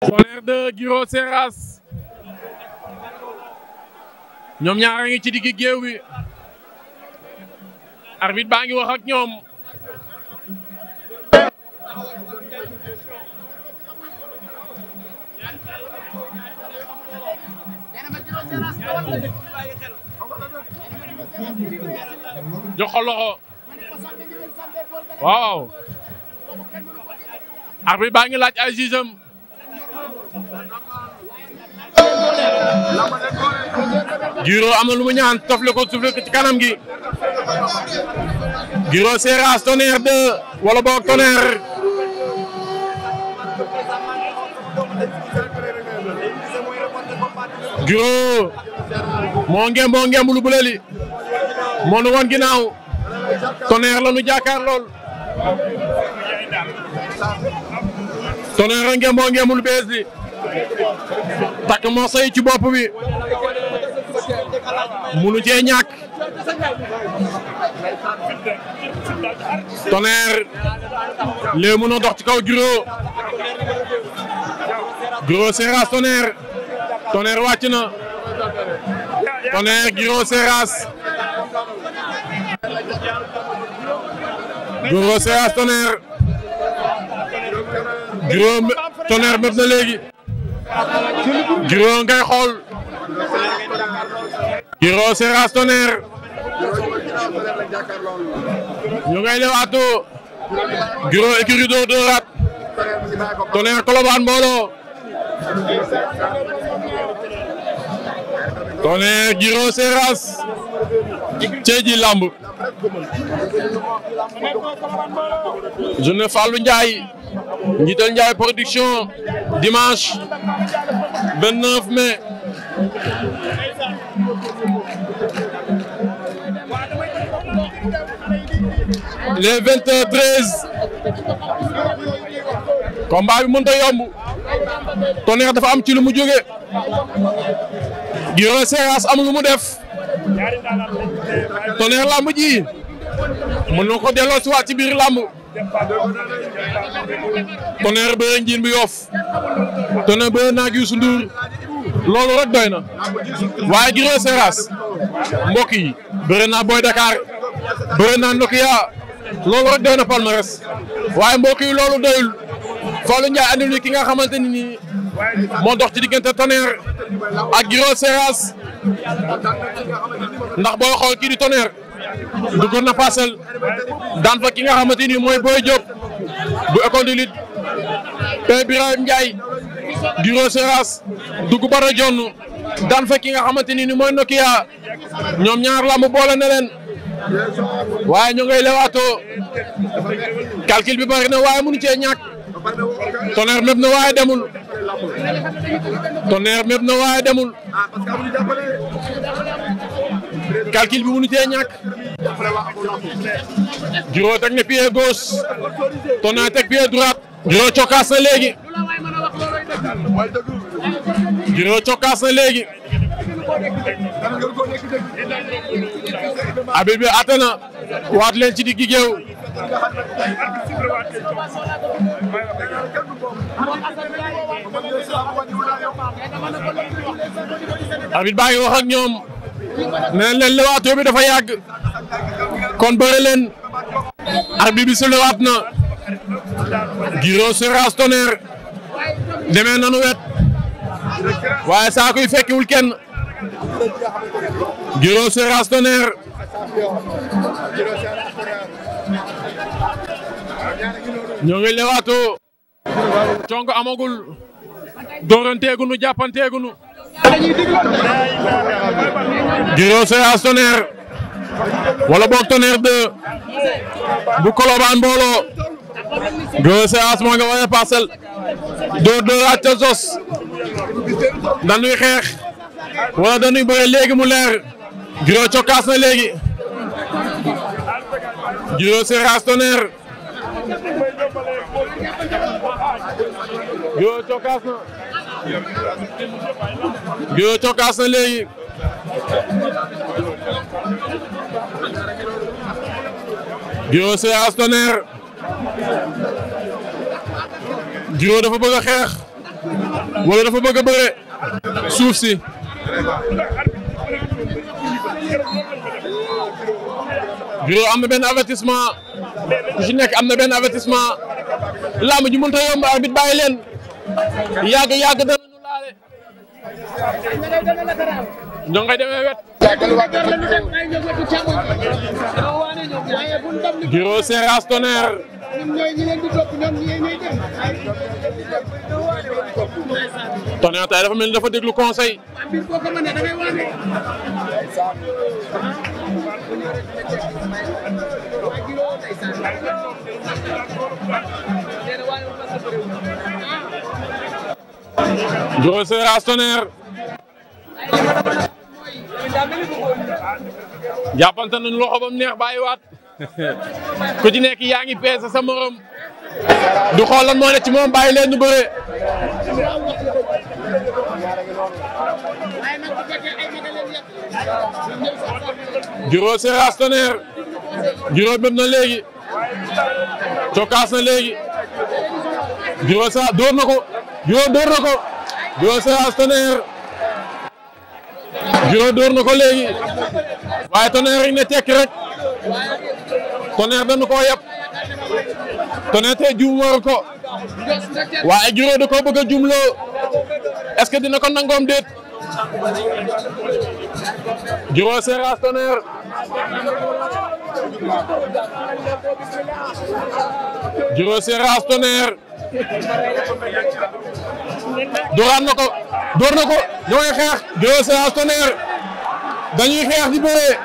Tonnerre de Guiro Seras ñoom ñaar ngi ci diggi géew bi baa ngi wax ak ñoom jox ko waaw arbitre baa ngi laaj ay Giro am na lu mu ñaan tofle ko suufle ci kanam gi Giro Seras Tonnerre 2 wala boog Tonnerre Giro moo ngeem lu bële moo nu woon ginnaaw Tonnerre la nu jàkkaar lool Tonnerre ngeem moo ngeem lu bees li takk morso yi ci bopp bi munu cee ñàkk Tonnerre léegi mënoo dox ci kaw Giro Giro Seras Tonnerre Tonnerre wàcc na Tonnerre Seras Giro Seras Tonnerre Giro Tonnerre mépp na léegi Giro ngay xool Giro Seras Tonnerre ñu ngay lewaatoo Giro écurie dóor dóoraat Tonnerre cey ji làmb journée Fallou Ndiaye njiital Ndiaye production dimanche 29 mai les 20h13 combat bi mënut yomb Tonnerre dafa am ci lu mu jóge Guiro Seras am mu def Tonnerre làmb ji mën na ko delloo ci biir làmb Tonnerre bëre njiin bu yoof Tonnerre bëre naag Youssou Ndour loolu rek doy waaye Guiro Seras mbokk yi bëre naa Boy Dakar bëre naa Nokia loolu rek doy na waaye mbokk yi loolu doyul Fallou Ndiaye andil ñu ki nga xamante ni nii moo dox ci diggante Tonnerre ak Guiro Seras ndax booy xool kii di tonnerre na parcelle daan fa ki nga xamante ni mooy Boy Diop bu école de lutte te Birahim Ndiaye Giro Seras ba bara jonn daan fa ki nga xamante ni mooy Nokia ñoom ñaar lamb boole na leen waaye ñu ngay lewaatoo calcul bi bari mu waaye mënu cee ñàkk tonnerre mépp na waaye demul tonnerre mépp na waaye demul calcul bi mënu tee ñàkk. Duro teg na pied gauche. Tonna teg pied droite. Duro cokkaas na cokkaas na léegi. Habib bi àtte na waat leen ci diggi ñoom. nee leen lewaatoo bi dafa yàgg kon bëre leen arbitre bi su lewaat na Guiro Seras Tonnerre demee wet waaye saakuy fekkiwul kenn Guiro Seras Tonnerre ñoo ngi lewaatoo congo amagul dooranteegunu jàppanteegunu Guiro Seras Tonnerre wala boog Tonnerre de bu Colobane mbooloo Guiro Seras moo nga wane parcelle dóor dóoraat ca sos dañuy xeex wala dañuy bëre léegi mu leer Guiro cokkaas na léegi Guiro Seras Bio cokaas na léegi. Bio Séas Tonnerre. dafa bëgg xeex. wala dafa bëgg a bëre. suuf si. Bio am na benn avertissement. ku ci nekk am na benn avertissement. làmb ji leen. yàgg yàgg dana. ñoo ngay demee wet. Guiro Seras Tonnerre. Tonnerre tey dafa mel ni dafa déglu Seras Tonnerre. jàppante nañu loxo ba mu neex bàyyiwaat ku ci nekk yaa ngi peese sa morom du xool lan moo ci moom bàyyi leen nu bëre. Guiro Seras Tonnerre Guiro bëgg na léegi cokkaas na léegi Guiro na ko Guiro dóor na ko Jula door na ko léegi waaye Tonnerre rek ne tekki rek Tonnerre dañu koo yab Tonnerre tey juum war ko waaye Jula da koo bëgg a jumloo est-ce que dina ko nangoom déet Jula seeraas Tonnerre Jula seeraas Tonnerre doxaat na ko door na ko ñooy xeex deux séances dañuy xeex di bëree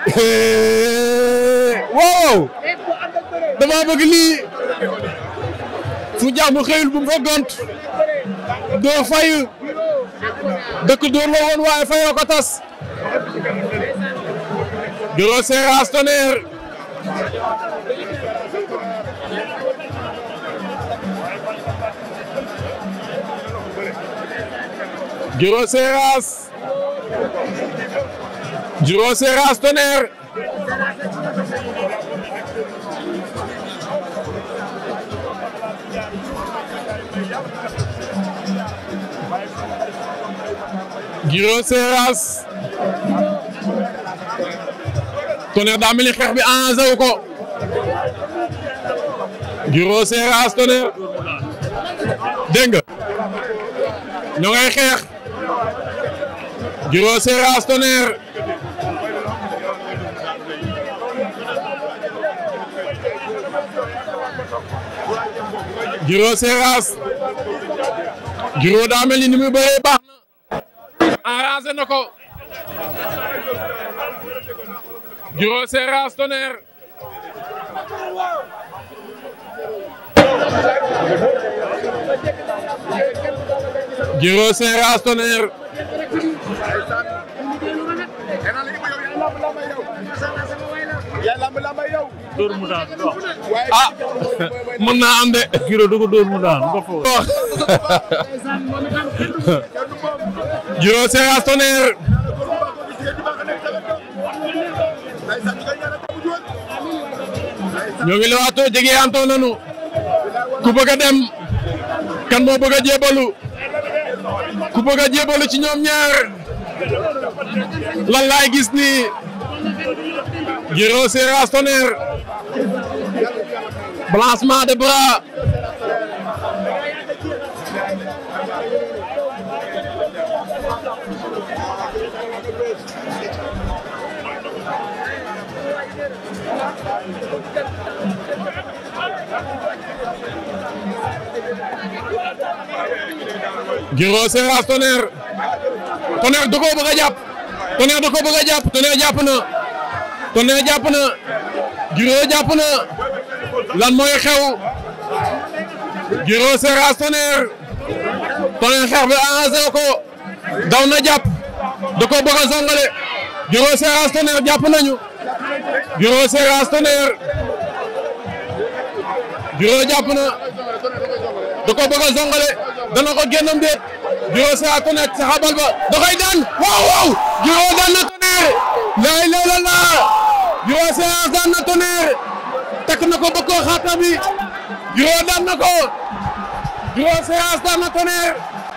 waaw dama bëgg lii su jàmm xëyul bu mu fa gont doo fay dëkk dóor la woon waaye fayoo ko tas Guiro Seras Guiro Seras Guiro Seras Tonnerre Guiro Seras Tonnerre daa mel ni xeex bi enjeu wu ko Guiro Seras Tonnerre dégg nga ñoo ngay xeex Guiro Seras Tonnerre Guiro Seras Guiro daa mel ni ni muy bëree baax na arrangé na ko Guiro Seras Tonnerre Guiro dóor mu mën naa am de. Giro du ko dóor mu daan nga foofu. ñoo ngi lewaatoo jege antoo nanu ku bëgg a kan moo bëgg a jébalu. ku bëgg a jébalu ci ñoom ñaar lan laay gis ni Guiro Seras Tonnerre balancement de bras Giro Seras Tonnerre Tonnerre da koo bëgg a jàpp Tonnerre da koo bëgg a jàpp jàpp lan mooy xew Giro Seras Tonnerre Tonnerre xeex bi arrangé ko daw na jàpp da koo bëgg a zongale Giro Seras Tonnerre jàpp nañu Giro Seras Tonnerre Giro jàpp na da koo bëgg dana ko génnam déet Guiro saa ku nekk saxabal ba da koy daan waaw waaw Guiro daan na Tonnerre laa takk na ko ba bi Guiro daan na ko Guiro saa